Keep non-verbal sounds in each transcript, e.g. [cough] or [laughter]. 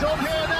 Job here now.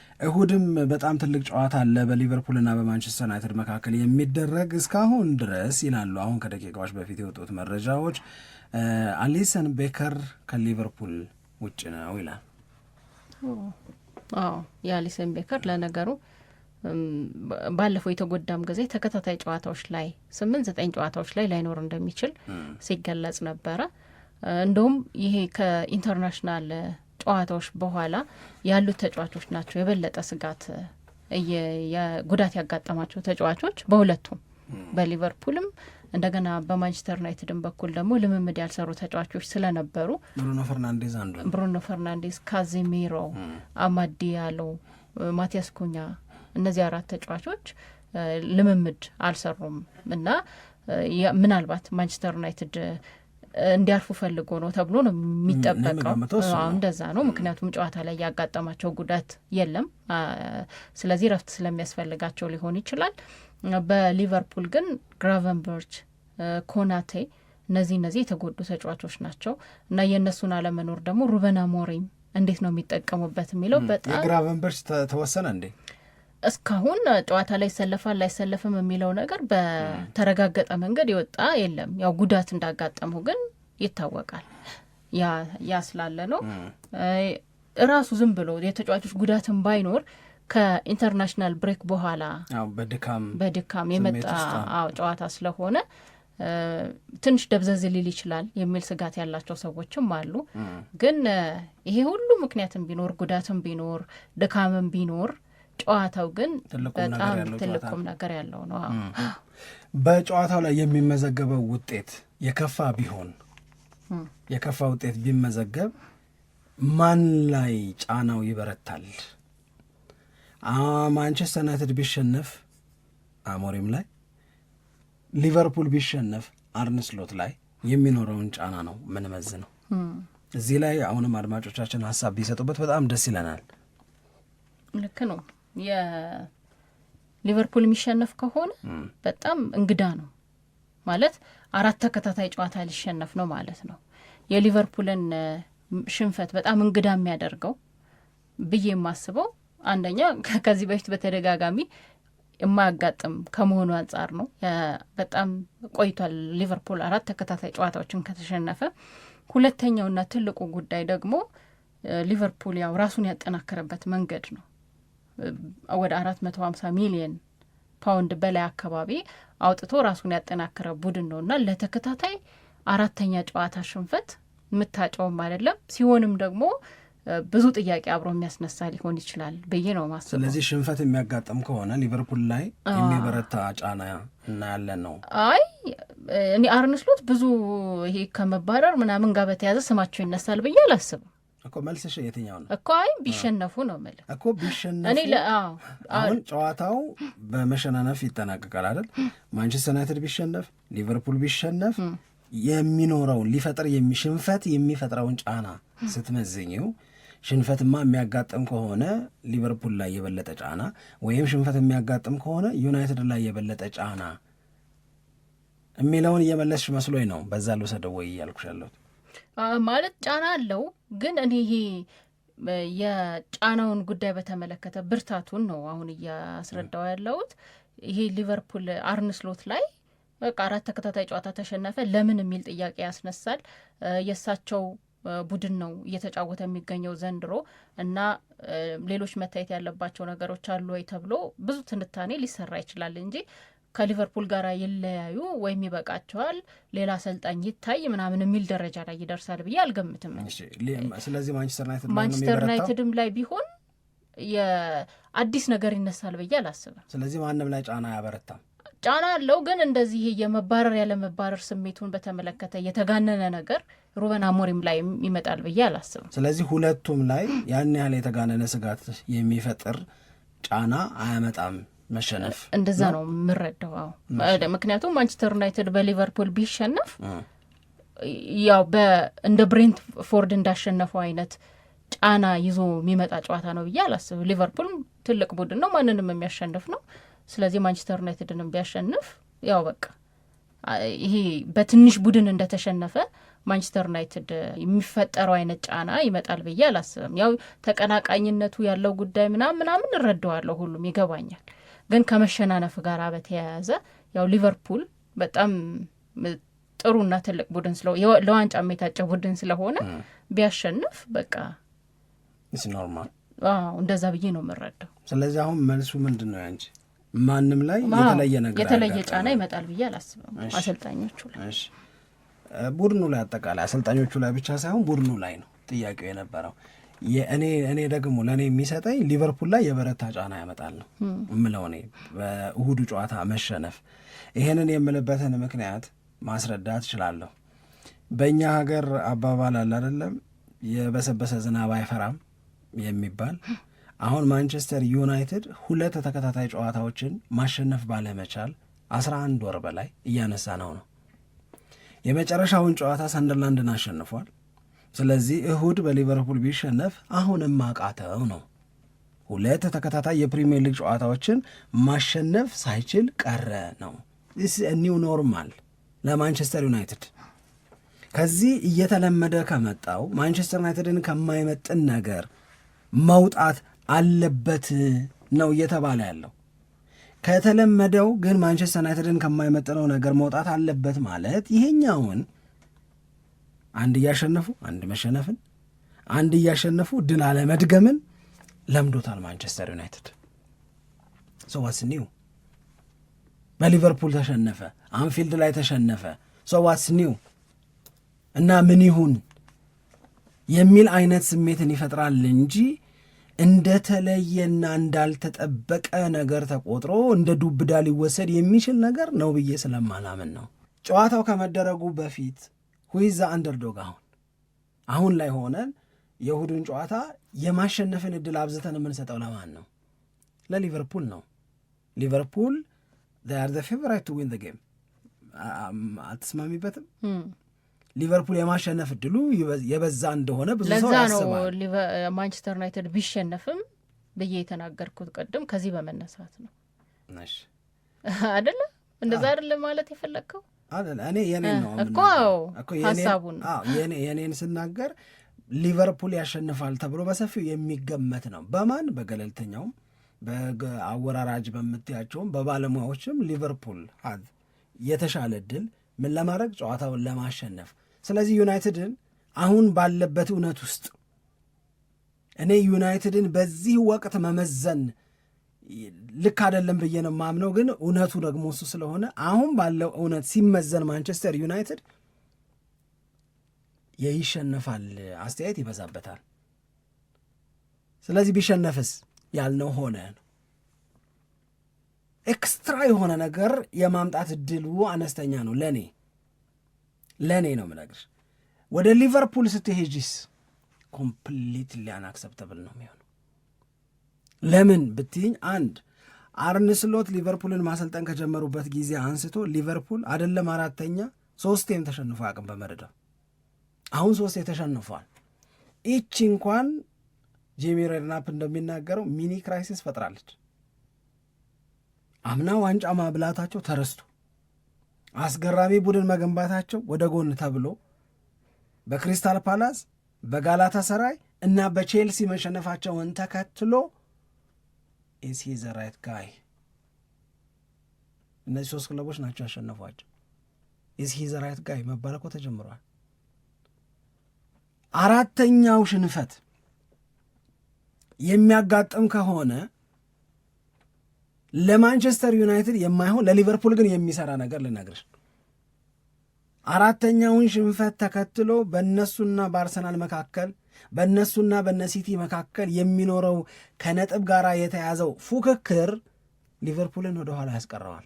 እሁድም በጣም ትልቅ ጨዋታ አለ በሊቨርፑልና በማንቸስተር ዩናይትድ መካከል የሚደረግ እስካሁን ድረስ ይላሉ አሁን ከደቂቃዎች በፊት የወጡት መረጃዎች አሊሰን ቤከር ከሊቨርፑል ውጭ ነው ይላል። አዎ የአሊሰን ቤከር ለነገሩ ባለፈው የተጎዳም ጊዜ ተከታታይ ጨዋታዎች ላይ ስምንት ዘጠኝ ጨዋታዎች ላይ ላይኖር እንደሚችል ሲገለጽ ነበረ። እንደውም ይሄ ከኢንተርናሽናል ጨዋታዎች በኋላ ያሉት ተጫዋቾች ናቸው የበለጠ ስጋት ጉዳት ያጋጠማቸው ተጫዋቾች በሁለቱም በሊቨርፑልም እንደገና በማንቸስተር ዩናይትድን በኩል ደግሞ ልምምድ ያልሰሩ ተጫዋቾች ስለነበሩ ብሩኖ ፈርናንዴዝ አንዱ ብሩኖ ፈርናንዴዝ፣ ካዚሚሮ፣ አማዲ ያለው፣ ማቲያስ ኩኛ እነዚህ አራት ተጫዋቾች ልምምድ አልሰሩም እና ምናልባት ማንቸስተር ዩናይትድ እንዲያርፉ ፈልጎ ነው ተብሎ ነው የሚጠበቀው። እንደዛ ነው። ምክንያቱም ጨዋታ ላይ ያጋጠማቸው ጉዳት የለም። ስለዚህ ረፍት ስለሚያስፈልጋቸው ሊሆን ይችላል። በሊቨርፑል ግን ግራቨንበርች፣ ኮናቴ እነዚህ እነዚህ የተጎዱ ተጫዋቾች ናቸው እና የእነሱን አለመኖር ደግሞ ሩበን አሞሪም እንዴት ነው የሚጠቀሙበት የሚለው በጣም የግራቨንበርች ተወሰነ እንዴ እስካሁን ጨዋታ ላይ ይሰለፋል ላይሰለፍም የሚለው ነገር በተረጋገጠ መንገድ የወጣ የለም። ያው ጉዳት እንዳጋጠመው ግን ይታወቃል። ያ ስላለ ነው እራሱ ዝም ብሎ የተጫዋቾች ጉዳትን ባይኖር ከኢንተርናሽናል ብሬክ በኋላ በድካም የመጣ ጨዋታ ስለሆነ ትንሽ ደብዘዝ ሊል ይችላል የሚል ስጋት ያላቸው ሰዎችም አሉ። ግን ይሄ ሁሉ ምክንያትም ቢኖር ጉዳትም ቢኖር ድካምም ቢኖር ጨዋታው ግን በጣም ትልቁም ነገር ያለው ነው። በጨዋታው ላይ የሚመዘገበው ውጤት የከፋ ቢሆን የከፋ ውጤት ቢመዘገብ ማን ላይ ጫናው ይበረታል? ማንቸስተር ዩናይትድ ቢሸነፍ አሞሪም ላይ፣ ሊቨርፑል ቢሸነፍ አርንስሎት ላይ የሚኖረውን ጫና ነው ምንመዝ ነው። እዚህ ላይ አሁንም አድማጮቻችን ሀሳብ ቢሰጡበት በጣም ደስ ይለናል። ልክ ነው። የሊቨርፑል የሚሸነፍ ከሆነ በጣም እንግዳ ነው ማለት አራት ተከታታይ ጨዋታ ሊሸነፍ ነው ማለት ነው። የሊቨርፑልን ሽንፈት በጣም እንግዳ የሚያደርገው ብዬ የማስበው አንደኛ [laughs] ከዚህ በፊት በተደጋጋሚ የማያጋጥም ከመሆኑ አንጻር ነው። በጣም ቆይቷል ሊቨርፑል አራት ተከታታይ ጨዋታዎችን ከተሸነፈ። ሁለተኛውና ትልቁ ጉዳይ ደግሞ ሊቨርፑል ያው ራሱን ያጠናከረበት መንገድ ነው። ወደ አራት መቶ ሀምሳ ሚሊየን ፓውንድ በላይ አካባቢ አውጥቶ ራሱን ያጠናከረ ቡድን ነው እና ለተከታታይ አራተኛ ጨዋታ ሽንፈት የምታጨውም አይደለም ሲሆንም ደግሞ ብዙ ጥያቄ አብሮ የሚያስነሳ ሊሆን ይችላል ብዬ ነው ማስበው። ስለዚህ ሽንፈት የሚያጋጥም ከሆነ ሊቨርፑል ላይ የሚበረታ ጫና እናያለን ነው። አይ እኔ አርነ ስሎት ብዙ ይሄ ከመባረር ምናምን ጋር በተያያዘ ስማቸው ይነሳል ብዬ አላስብም። እኮ መልስሽ የትኛው ነው እኮ? አይ ቢሸነፉ ነው የምልህ እኮ ቢሸነፉ። አሁን ጨዋታው በመሸናነፍ ይጠናቀቃል አይደል? ማንቸስተር ዩናይትድ ቢሸነፍ፣ ሊቨርፑል ቢሸነፍ የሚኖረውን ሊፈጥር ሽንፈት የሚፈጥረውን ጫና ስትመዝኝው ሽንፈትማ የሚያጋጥም ከሆነ ሊቨርፑል ላይ የበለጠ ጫና ወይም ሽንፈት የሚያጋጥም ከሆነ ዩናይትድ ላይ የበለጠ ጫና የሚለውን እየመለስሽ መስሎኝ ነው። በዛ ልውሰደው ወይ እያልኩሽ ያለሁት ማለት ጫና አለው። ግን እኔ ይሄ የጫናውን ጉዳይ በተመለከተ ብርታቱን ነው አሁን እያስረዳው ያለሁት። ይሄ ሊቨርፑል አርንስሎት ላይ በቃ አራት ተከታታይ ጨዋታ ተሸነፈ ለምን የሚል ጥያቄ ያስነሳል። የእሳቸው ቡድን ነው እየተጫወተ የሚገኘው ዘንድሮ እና ሌሎች መታየት ያለባቸው ነገሮች አሉ ወይ ተብሎ ብዙ ትንታኔ ሊሰራ ይችላል እንጂ ከሊቨርፑል ጋር ይለያዩ ወይም ይበቃቸዋል፣ ሌላ አሰልጣኝ ይታይ ምናምን የሚል ደረጃ ላይ ይደርሳል ብዬ አልገምትም። ስለዚህ ማንቸስተር ዩናይትድም ላይ ቢሆን የአዲስ ነገር ይነሳል ብዬ አላስብም። ስለዚህ ማንም ላይ ጫና አያበረታም። ጫና አለው፣ ግን እንደዚህ የመባረር ያለመባረር ስሜቱን በተመለከተ የተጋነነ ነገር ሩበን አሞሪም ላይ ይመጣል ብዬ አላስብም። ስለዚህ ሁለቱም ላይ ያን ያህል የተጋነነ ስጋት የሚፈጥር ጫና አያመጣም። መሸነፍ እንደዛ ነው የምረዳው። ምክንያቱም ማንቸስተር ዩናይትድ በሊቨርፑል ቢሸነፍ ያው እንደ ብሬንት ፎርድ እንዳሸነፈው አይነት ጫና ይዞ የሚመጣ ጨዋታ ነው ብዬ አላስብ። ሊቨርፑል ትልቅ ቡድን ነው፣ ማንንም የሚያሸንፍ ነው። ስለዚህ ማንቸስተር ዩናይትድንም ቢያሸንፍ ያው በቃ ይሄ በትንሽ ቡድን እንደተሸነፈ ማንቸስተር ዩናይትድ የሚፈጠረው አይነት ጫና ይመጣል ብዬ አላስብም። ያው ተቀናቃኝነቱ ያለው ጉዳይ ምናምን ምናምን እረዳዋለሁ፣ ሁሉም ይገባኛል። ግን ከመሸናነፍ ጋር በተያያዘ ያው ሊቨርፑል በጣም ጥሩና ትልቅ ቡድን ስለ ለዋንጫ የሚታጨ ቡድን ስለሆነ ቢያሸንፍ በቃ ኖርማል እንደዛ ብዬ ነው የምረዳው። ስለዚህ አሁን መልሱ ምንድን ነው ያንቺ? ማንም ላይ የተለየ ነገር የተለየ ጫና ይመጣል ብዬ አላስብም። አሰልጣኞቹ ላይ ቡድኑ ላይ አጠቃላይ አሰልጣኞቹ ላይ ብቻ ሳይሆን ቡድኑ ላይ ነው ጥያቄው የነበረው። የእኔ እኔ ደግሞ ለእኔ የሚሰጠኝ ሊቨርፑል ላይ የበረታ ጫና ያመጣል ነው የምለው። እኔ በእሁዱ ጨዋታ መሸነፍ ይሄንን የምልበትን ምክንያት ማስረዳት እችላለሁ። በእኛ ሀገር አባባል አለ አይደለም፣ የበሰበሰ ዝናብ አይፈራም የሚባል። አሁን ማንቸስተር ዩናይትድ ሁለት ተከታታይ ጨዋታዎችን ማሸነፍ ባለመቻል አስራ አንድ ወር በላይ እያነሳ ነው ነው የመጨረሻውን ጨዋታ ሰንደርላንድን አሸንፏል። ስለዚህ እሁድ በሊቨርፑል ቢሸነፍ አሁንም አቃተው ነው። ሁለት ተከታታይ የፕሪምየር ሊግ ጨዋታዎችን ማሸነፍ ሳይችል ቀረ ነው። ኒው ኖርማል ለማንቸስተር ዩናይትድ። ከዚህ እየተለመደ ከመጣው ማንቸስተር ዩናይትድን ከማይመጥን ነገር መውጣት አለበት ነው እየተባለ ያለው። ከተለመደው ግን ማንቸስተር ዩናይትድን ከማይመጥነው ነገር መውጣት አለበት ማለት ይሄኛውን አንድ እያሸነፉ አንድ መሸነፍን አንድ እያሸነፉ ድል አለመድገምን ለምዶታል ማንቸስተር ዩናይትድ። ሰዋስ ኒው በሊቨርፑል ተሸነፈ፣ አንፊልድ ላይ ተሸነፈ፣ ሰዋስ ኒው እና ምን ይሁን የሚል አይነት ስሜትን ይፈጥራል እንጂ እንደተለየና እንዳልተጠበቀ ነገር ተቆጥሮ እንደ ዱብዳ ሊወሰድ የሚችል ነገር ነው ብዬ ስለማላምን ነው። ጨዋታው ከመደረጉ በፊት ሁይዛ አንደርዶግ አሁን አሁን ላይ ሆነን የእሁዱን ጨዋታ የማሸነፍን እድል አብዝተን የምንሰጠው ለማን ነው? ለሊቨርፑል ነው። ሊቨርፑል ር ዘ ፌቨራይት ቱ ዊን ጌም አልተስማሚበትም። hmm. ሊቨርፑል የማሸነፍ እድሉ የበዛ እንደሆነ ብዙ ሰው ያስባል። ማንቸስተር ዩናይትድ ቢሸነፍም ብዬ የተናገርኩት ቅድም ከዚህ በመነሳት ነው [laughs] አይደለ? እንደዛ አይደለም ማለት የፈለግከው እኔ የኔን ነው እኮ ሀሳቡን የኔን ስናገር ሊቨርፑል ያሸንፋል ተብሎ በሰፊው የሚገመት ነው። በማን በገለልተኛውም በአወራራጅ በምትያቸውም በባለሙያዎችም ሊቨርፑል ሀዝ የተሻለ ድል ምን ለማድረግ ጨዋታውን ለማሸነፍ ስለዚህ ዩናይትድን አሁን ባለበት እውነት ውስጥ እኔ ዩናይትድን በዚህ ወቅት መመዘን ልክ አይደለም ብዬ ነው የማምነው። ግን እውነቱ ደግሞ እሱ ስለሆነ አሁን ባለው እውነት ሲመዘን ማንቸስተር ዩናይትድ የይሸነፋል አስተያየት ይበዛበታል። ስለዚህ ቢሸነፍስ ያልነው ሆነ ኤክስትራ የሆነ ነገር የማምጣት እድሉ አነስተኛ ነው። ለእኔ ለእኔ ነው የምነግርሽ። ወደ ሊቨርፑል ስትሄጂስ ኮምፕሊትሊ አናክሰፕተብል ነው የሚሆነው ለምን ብትይኝ አንድ አርንስሎት ሊቨርፑልን ማሰልጠን ከጀመሩበት ጊዜ አንስቶ ሊቨርፑል አደለም አራተኛ ሶስቴም ተሸንፎ አቅም በመደዳው አሁን ሶስቴ ተሸንፏል። ይቺ እንኳን ጄሚ ሬድናፕ እንደሚናገረው ሚኒ ክራይሲስ ፈጥራለች። አምና ዋንጫ ማብላታቸው ተረስቶ አስገራሚ ቡድን መገንባታቸው ወደ ጎን ተብሎ በክሪስታል ፓላስ በጋላታ ሰራይ እና በቼልሲ መሸነፋቸውን ተከትሎ ኢሲ ዘ ራይት ጋይ እነዚህ ሶስት ክለቦች ናቸው ያሸነፏቸው። ኢሲ ዘ ራይት ጋይ መባል እኮ አራተኛው ሽንፈት የሚያጋጥም ከሆነ ለማንቸስተር ዩናይትድ የማይሆን ለሊቨርፑል ግን የሚሰራ ነገር ልነግርሽ። አራተኛውን ሽንፈት ተከትሎ በእነሱና በአርሰናል መካከል በእነሱና በነሲቲ መካከል የሚኖረው ከነጥብ ጋር የተያዘው ፉክክር ሊቨርፑልን ወደኋላ ያስቀረዋል።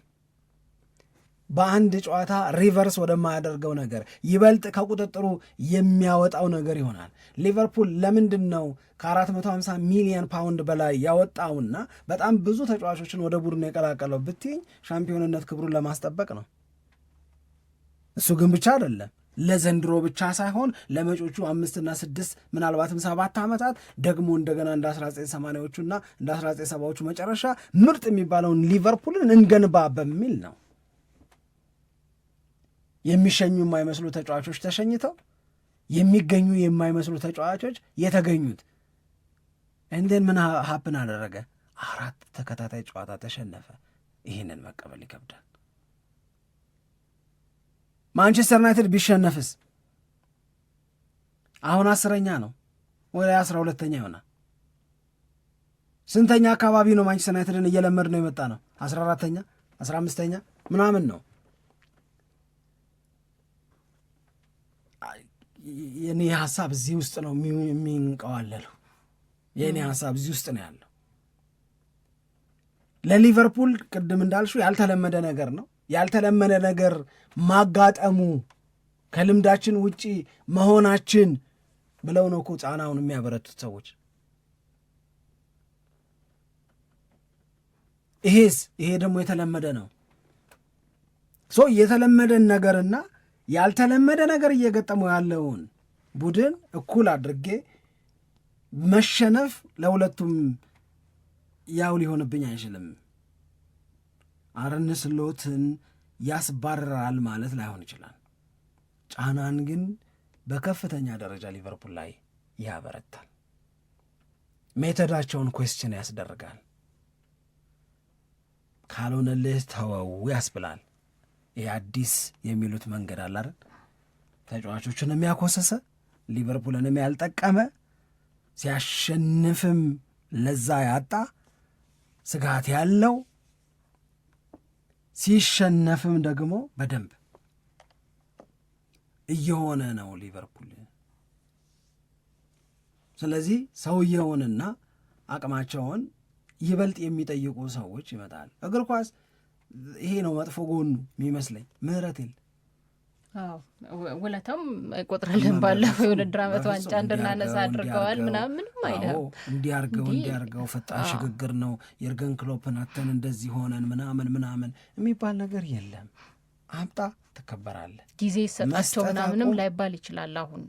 በአንድ ጨዋታ ሪቨርስ ወደማያደርገው ነገር ይበልጥ ከቁጥጥሩ የሚያወጣው ነገር ይሆናል። ሊቨርፑል ለምንድን ነው ከ450 ሚሊዮን ፓውንድ በላይ ያወጣውና በጣም ብዙ ተጫዋቾችን ወደ ቡድን የቀላቀለው ብትኝ ሻምፒዮንነት ክብሩን ለማስጠበቅ ነው። እሱ ግን ብቻ አይደለም ለዘንድሮ ብቻ ሳይሆን ለመጮቹ አምስትና ስድስት ምናልባትም ሰባት ዓመታት ደግሞ እንደገና እንደ 1980 እና እንደ 1970ዎቹ መጨረሻ ምርጥ የሚባለውን ሊቨርፑልን እንገንባ በሚል ነው። የሚሸኙ የማይመስሉ ተጫዋቾች ተሸኝተው የሚገኙ የማይመስሉ ተጫዋቾች የተገኙት። እንዴን ምን ሀፕን አደረገ? አራት ተከታታይ ጨዋታ ተሸነፈ። ይህንን መቀበል ይከብዳል። ማንቸስተር ዩናይትድ ቢሸነፍስ አሁን አስረኛ ነው ወደ አስራ ሁለተኛ ይሆናል። ስንተኛ አካባቢ ነው ማንቸስተር ዩናይትድን እየለመድ ነው የመጣ ነው? አስራ አራተኛ አስራ አምስተኛ ምናምን ነው። የእኔ ሀሳብ እዚህ ውስጥ ነው የሚንቀዋለሉ። የእኔ ሀሳብ እዚህ ውስጥ ነው ያለው። ለሊቨርፑል ቅድም እንዳልሹ ያልተለመደ ነገር ነው ያልተለመደ ነገር ማጋጠሙ ከልምዳችን ውጪ መሆናችን ብለው ነው እኮ የሚያበረቱት ሰዎች። ይሄስ ይሄ ደግሞ የተለመደ ነው። ሶ የተለመደን ነገርና ያልተለመደ ነገር እየገጠመው ያለውን ቡድን እኩል አድርጌ መሸነፍ ለሁለቱም ያው ሊሆንብኝ አይችልም። አርነ ስሎትን ማለት ላይሆን ይችላል። ጫናን ግን በከፍተኛ ደረጃ ሊቨርፑል ላይ ያበረታል። ሜተዳቸውን ኮስችን ያስደርጋል። ካልሆነልህ ተወው ያስብላል። ይህ አዲስ የሚሉት መንገድ አላር ተጫዋቾችንም ያኮሰሰ ሊቨርፑልንም ያልጠቀመ ሲያሸንፍም ለዛ ያጣ ስጋት ያለው ሲሸነፍም ደግሞ በደንብ እየሆነ ነው ሊቨርፑል። ስለዚህ ሰውየውንና አቅማቸውን ይበልጥ የሚጠይቁ ሰዎች ይመጣል። እግር ኳስ ይሄ ነው መጥፎ ጎኑ የሚመስለኝ። ምህረት የለ ውለታም አይቆጥርልን ባለፈው የውድድር ዓመት ዋንጫ እንድናነሳ አድርገዋል ምናምን ምንም አይደለም። እንዲያርገው እንዲያርገው ፈጣን ሽግግር ነው የርገን ክሎፕን አተን እንደዚህ ሆነን ምናምን ምናምን የሚባል ነገር የለም። አምጣ ትከበራለህ። ጊዜ ሰጣቸው ምናምንም ላይባል ይችላል። አሁን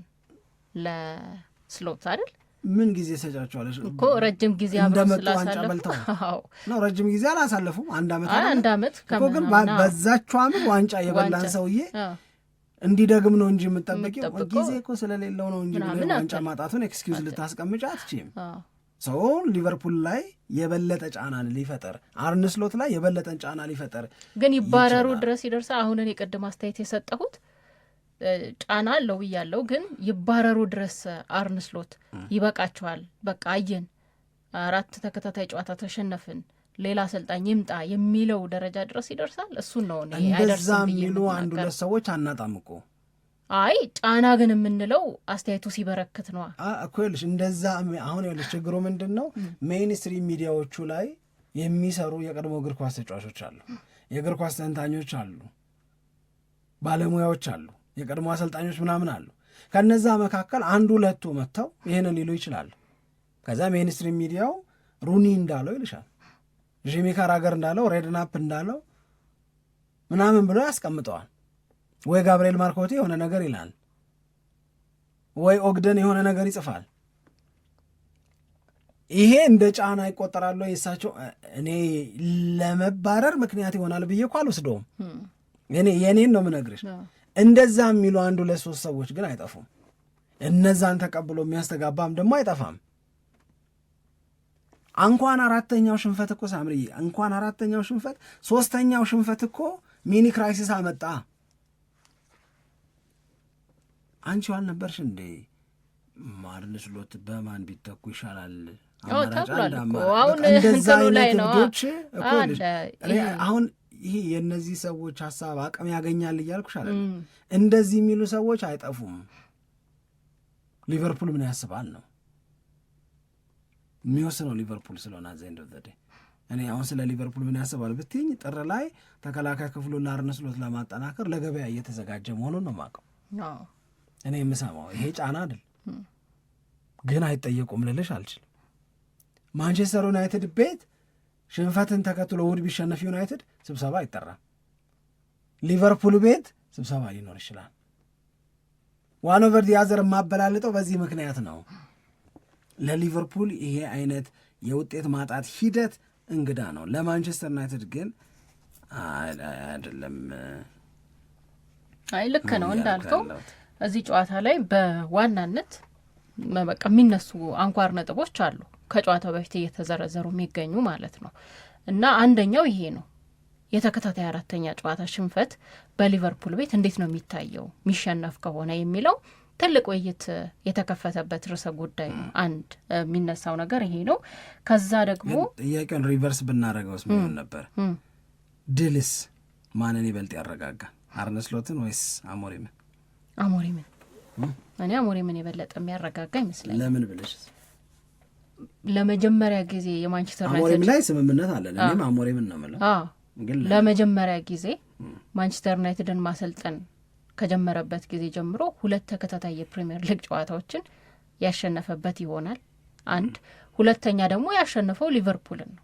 ለስሎት አይደል ምን ጊዜ ሰጫቸዋለች እኮ ረጅም ጊዜ እንደመጡ ዋንጫ በልተው ነው። [laughs] ረጅም ጊዜ አላሳለፉም። አንድ አመት አንድ አመት ግን በዛችው ዓመት ዋንጫ የበላን ሰውዬ እንዲደግም ነው እንጂ የምጠበቂው ጊዜ እኮ ስለሌለው ነው እንጂ ዋንጫ ማጣቱን ኤክስኪውዝ ልታስቀምጫ አትችም። ሰው ሊቨርፑል ላይ የበለጠ ጫና ሊፈጠር አርንስሎት ላይ የበለጠን ጫና ሊፈጠር ግን ይባረሩ ድረስ ይደርሳ። አሁንን የቅድም አስተያየት የሰጠሁት ጫና አለው ብያለው፣ ግን ይባረሩ ድረስ አርንስሎት ይበቃቸዋል። በቃ አየን፣ አራት ተከታታይ ጨዋታ ተሸነፍን ሌላ አሰልጣኝ ይምጣ የሚለው ደረጃ ድረስ ይደርሳል። እሱን ነው እንደዛ የሚሉ አንድ ሁለት ሰዎች አናጣም እኮ አይ ጫና ግን የምንለው አስተያየቱ ሲበረክት ነዋ እኮ ይኸውልሽ፣ እንደዛ አሁን ይኸውልሽ፣ ችግሩ ምንድን ነው? ሜይንስትሪ ሚዲያዎቹ ላይ የሚሰሩ የቀድሞ እግር ኳስ ተጫዋቾች አሉ፣ የእግር ኳስ ተንታኞች አሉ፣ ባለሙያዎች አሉ፣ የቀድሞ አሰልጣኞች ምናምን አሉ። ከነዛ መካከል አንድ ሁለቱ መጥተው ይህንን ሊሉ ይችላሉ። ከዛ ሜይንስትሪ ሚዲያው ሩኒ እንዳለው ይልሻል ጂሚ ካራገር እንዳለው ሬድናፕ እንዳለው ምናምን ብሎ ያስቀምጠዋል። ወይ ጋብርኤል ማርኮቴ የሆነ ነገር ይላል፣ ወይ ኦግደን የሆነ ነገር ይጽፋል። ይሄ እንደ ጫና ይቆጠራሉ የእሳቸው እኔ ለመባረር ምክንያት ይሆናል ብዬ እኮ አልወስደውም። እኔ የእኔን ነው ምነግርሽ። እንደዛ የሚሉ አንድ ሁለት ሶስት ሰዎች ግን አይጠፉም። እነዛን ተቀብሎ የሚያስተጋባም ደግሞ አይጠፋም። እንኳን አራተኛው ሽንፈት እኮ ሳምርዬ፣ እንኳን አራተኛው ሽንፈት ሶስተኛው ሽንፈት እኮ ሚኒ ክራይሲስ አመጣ። አንቺው አልነበርሽ እንዴ ማርል ስሎት በማን ቢተኩ ይሻላል አሁን ይሄ የእነዚህ ሰዎች ሀሳብ አቅም ያገኛል እያልኩሽ አለ። እንደዚህ የሚሉ ሰዎች አይጠፉም። ሊቨርፑል ምን ያስባል ነው የሚወስነው ሊቨርፑል ስለሆነ ዘንድ ኦፍ እኔ አሁን ስለ ሊቨርፑል ምን ያስባል ብትኝ ጥር ላይ ተከላካይ ክፍሉና አርነ ስሎት ለማጠናከር ለገበያ እየተዘጋጀ መሆኑን ነው የማውቀው። እኔ የምሰማው ይሄ ጫና አይደል፣ ግን አይጠየቁም ልልሽ አልችልም። ማንቸስተር ዩናይትድ ቤት ሽንፈትን ተከትሎ ውድ ቢሸነፍ ዩናይትድ ስብሰባ አይጠራም። ሊቨርፑል ቤት ስብሰባ ሊኖር ይችላል። ዋን ኦቨር ዲ አዘር የማበላልጠው በዚህ ምክንያት ነው። ለሊቨርፑል ይሄ አይነት የውጤት ማጣት ሂደት እንግዳ ነው። ለማንቸስተር ዩናይትድ ግን አይደለም። አይ ልክ ነው እንዳልከው እዚህ ጨዋታ ላይ በዋናነት በቃ የሚነሱ አንኳር ነጥቦች አሉ ከጨዋታው በፊት እየተዘረዘሩ የሚገኙ ማለት ነው። እና አንደኛው ይሄ ነው። የተከታታይ አራተኛ ጨዋታ ሽንፈት በሊቨርፑል ቤት እንዴት ነው የሚታየው የሚሸነፍ ከሆነ የሚለው ትልቅ ውይይት የተከፈተበት ርዕሰ ጉዳይ ነው። አንድ የሚነሳው ነገር ይሄ ነው። ከዛ ደግሞ ጥያቄውን ሪቨርስ ብናደርገውስ ምን ነበር? ድልስ ማንን ይበልጥ ያረጋጋ? አርነ ስሎትን ወይስ አሞሪምን? አሞሪምን። እኔ አሞሪምን የበለጠ የሚያረጋጋ ይመስለኛል። ለምን ብለሽ ለመጀመሪያ ጊዜ የማንቸስተር አሞሪም ላይ ስምምነት አለን። እኔም አሞሪምን ነው የምለው። ለመጀመሪያ ጊዜ ማንቸስተር ዩናይትድን ማሰልጠን ከጀመረበት ጊዜ ጀምሮ ሁለት ተከታታይ የፕሪምየር ሊግ ጨዋታዎችን ያሸነፈበት ይሆናል። አንድ ሁለተኛ ደግሞ ያሸነፈው ሊቨርፑልን ነው።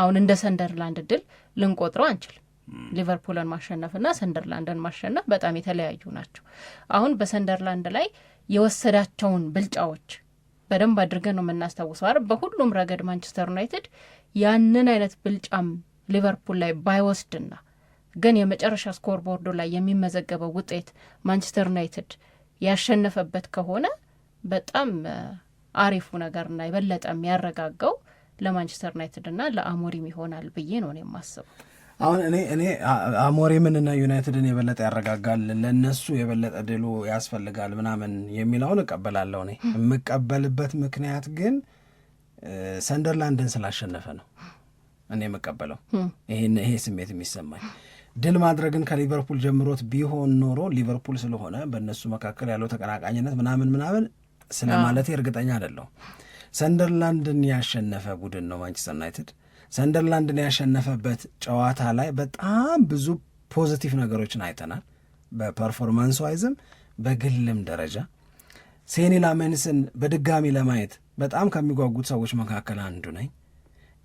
አሁን እንደ ሰንደርላንድ ድል ልንቆጥረው አንችልም። ሊቨርፑልን ማሸነፍና ሰንደርላንድን ማሸነፍ በጣም የተለያዩ ናቸው። አሁን በሰንደርላንድ ላይ የወሰዳቸውን ብልጫዎች በደንብ አድርገን ነው የምናስታውሰው አይደል? በሁሉም ረገድ ማንቸስተር ዩናይትድ ያንን አይነት ብልጫም ሊቨርፑል ላይ ባይወስድና ግን የመጨረሻ ስኮር ቦርዶ ላይ የሚመዘገበው ውጤት ማንቸስተር ዩናይትድ ያሸነፈበት ከሆነ በጣም አሪፉ ነገርና የበለጠ የሚያረጋጋው ለማንቸስተር ዩናይትድና ለአሞሪም ይሆናል ብዬ ነው የማስበው። አሁን እኔ እኔ አሞሪምንና ዩናይትድን የበለጠ ያረጋጋል፣ ለነሱ የበለጠ ድሉ ያስፈልጋል ምናምን የሚለውን እቀበላለሁ። እኔ የምቀበልበት ምክንያት ግን ሰንደርላንድን ስላሸነፈ ነው እኔ የምቀበለው ይሄ ስሜት የሚሰማኝ ድል ማድረግን ከሊቨርፑል ጀምሮት ቢሆን ኖሮ ሊቨርፑል ስለሆነ በእነሱ መካከል ያለው ተቀናቃኝነት ምናምን ምናምን ስለማለቴ እርግጠኛ አይደለሁም። ሰንደርላንድን ያሸነፈ ቡድን ነው ማንቸስተር ዩናይትድ። ሰንደርላንድን ያሸነፈበት ጨዋታ ላይ በጣም ብዙ ፖዚቲቭ ነገሮችን አይተናል። በፐርፎርማንስ ዋይዝም በግልም ደረጃ ሴኒ ላመንስን በድጋሚ ለማየት በጣም ከሚጓጉት ሰዎች መካከል አንዱ ነኝ።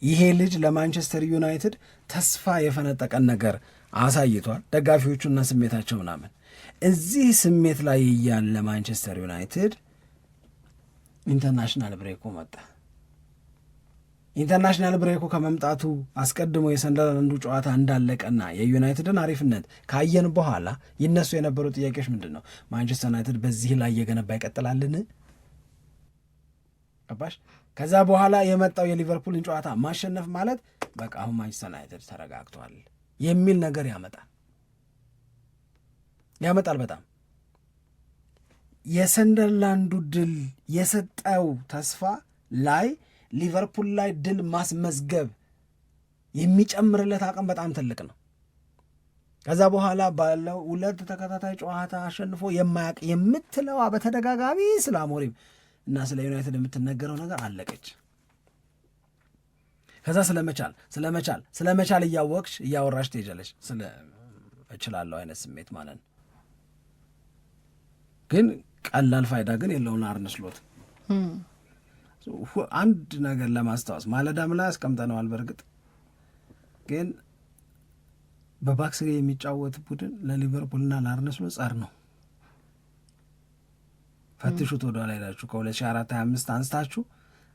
ይሄ ልጅ ለማንቸስተር ዩናይትድ ተስፋ የፈነጠቀን ነገር አሳይቷል። ደጋፊዎቹና ስሜታቸው ምናምን እዚህ ስሜት ላይ እያለ ማንቸስተር ዩናይትድ ኢንተርናሽናል ብሬኮ መጣ። ኢንተርናሽናል ብሬኮ ከመምጣቱ አስቀድሞ የሰንደርላንዱ ጨዋታ እንዳለቀና የዩናይትድን አሪፍነት ካየን በኋላ ይነሱ የነበሩ ጥያቄዎች ምንድን ነው? ማንቸስተር ዩናይትድ በዚህ ላይ እየገነባ ይቀጥላልን? ገባሽ? ከዛ በኋላ የመጣው የሊቨርፑልን ጨዋታ ማሸነፍ ማለት በቃ አሁን ማንቸስተር ዩናይትድ ተረጋግቷል የሚል ነገር ያመጣል ያመጣል በጣም የሰንደርላንዱ ድል የሰጠው ተስፋ ላይ ሊቨርፑል ላይ ድል ማስመዝገብ የሚጨምርለት አቅም በጣም ትልቅ ነው። ከዛ በኋላ ባለው ሁለት ተከታታይ ጨዋታ አሸንፎ የማያውቅ የምትለዋ በተደጋጋሚ ስለ አሞሪም እና ስለ ዩናይትድ የምትነገረው ነገር አለቀች። ከዛ ስለመቻል ስለመቻል ስለመቻል እያወቅሽ እያወራሽ ትሄጃለሽ። ስለ እችላለሁ አይነት ስሜት ማለት ነው። ግን ቀላል ፋይዳ ግን የለውን አርነ ስሎት አንድ ነገር ለማስታወስ ማለዳም ላይ አስቀምጠነዋል። በእርግጥ ግን በባክስሪ የሚጫወት ቡድን ለሊቨርፑልና ለአርነ ስሎት ጸር ነው። ፈትሹት፣ ወደኋላ ሄዳችሁ ከ2024/25 አንስታችሁ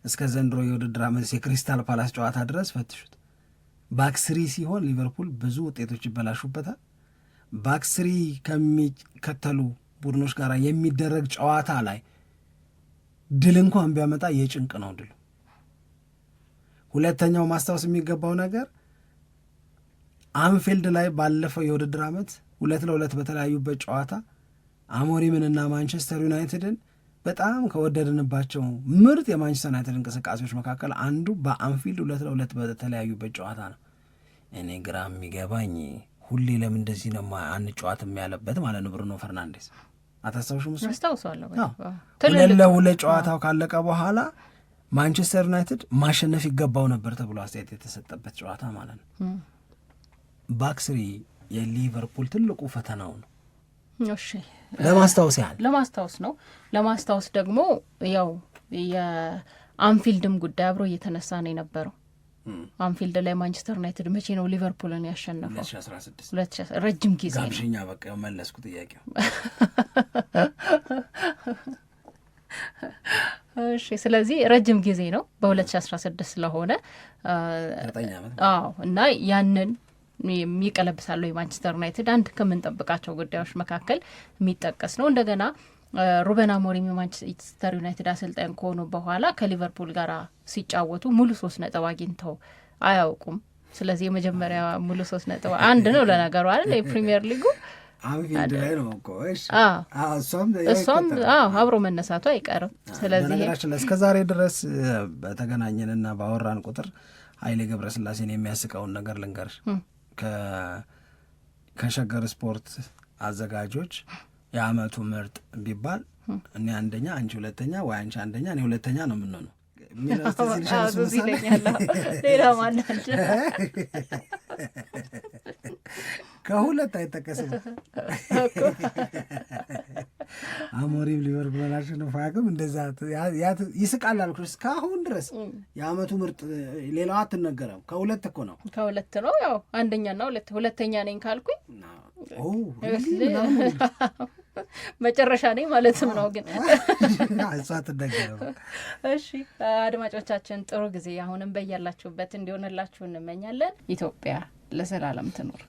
እስከ ዘንድሮ የውድድር ዓመት የክሪስታል ፓላስ ጨዋታ ድረስ ፈትሹት። ባክስሪ ሲሆን ሊቨርፑል ብዙ ውጤቶች ይበላሹበታል። ባክስሪ ከሚከተሉ ቡድኖች ጋር የሚደረግ ጨዋታ ላይ ድል እንኳን ቢያመጣ የጭንቅ ነው ድሉ። ሁለተኛው ማስታወስ የሚገባው ነገር አንፊልድ ላይ ባለፈው የውድድር ዓመት ሁለት ለሁለት በተለያዩበት ጨዋታ አሞሪምንና ማንቸስተር ዩናይትድን በጣም ከወደድንባቸው ምርጥ የማንቸስተር ዩናይትድ እንቅስቃሴዎች መካከል አንዱ በአንፊልድ ሁለት ለሁለት በተለያዩበት ጨዋታ ነው። እኔ ግራ የሚገባኝ ሁሌ ለምን እንደዚህ ነው ጨዋት ያለበት ማለት ነው ብሩኖ ፈርናንዴስ አታስታውሽም? እሱ ጨዋታው ካለቀ በኋላ ማንቸስተር ዩናይትድ ማሸነፍ ይገባው ነበር ተብሎ አስተያየት የተሰጠበት ጨዋታ ማለት ነው። ባክስሪ የሊቨርፑል ትልቁ ፈተናው ነው። ለማስታወስ ያህል ለማስታወስ ነው። ለማስታወስ ደግሞ ያው የአንፊልድም ጉዳይ አብሮ እየተነሳ ነው የነበረው። አንፊልድ ላይ ማንቸስተር ዩናይትድ መቼ ነው ሊቨርፑልን ያሸነፈው? ረጅም ጊዜ በቃ መለስኩ ጥያቄው። [laughs] እሺ ስለዚህ ረጅም ጊዜ ነው በ2016 ስለሆነ እና ያንን የሚቀለብሳለሁ የማንቸስተር ዩናይትድ አንድ ከምንጠብቃቸው ጉዳዮች መካከል የሚጠቀስ ነው። እንደገና ሩበን አሞሪም የማንቸስተር ዩናይትድ አሰልጣኝ ከሆኑ በኋላ ከሊቨርፑል ጋር ሲጫወቱ ሙሉ ሶስት ነጥብ አግኝተው አያውቁም። ስለዚህ የመጀመሪያ ሙሉ ሶስት ነጥብ አንድ ነው። ለነገሩ አለ የፕሪሚየር ሊጉ እሷም አብሮ መነሳቱ አይቀርም። ስለዚህ እስከ ዛሬ ድረስ በተገናኘንና ባወራን ቁጥር ኃይሌ ገብረስላሴን የሚያስቀውን ነገር ልንገርሽ ከሸገር ስፖርት አዘጋጆች የአመቱ ምርጥ ቢባል እኔ አንደኛ አንቺ ሁለተኛ ወይ አንቺ አንደኛ እኔ ሁለተኛ ነው የምንሆነው [laughs] ከሁለት አይጠቀስም። [laughs] አሞሪም ሊቨርፑልን አሸንፎ አያውቅም። እንደዛ ይስቃል አልኩሽ። እስካሁን ድረስ የአመቱ ምርጥ ሌላው አትነገረም። ከሁለት እኮ ነው፣ ከሁለት ነው። ያው አንደኛና ሁለተኛ ነኝ ካልኩኝ መጨረሻ ነኝ ማለትም ነው። ግን እሷ እሺ፣ አድማጮቻችን ጥሩ ጊዜ አሁንም በያላችሁበት እንዲሆንላችሁ እንመኛለን። ኢትዮጵያ ለዘላለም ትኑር።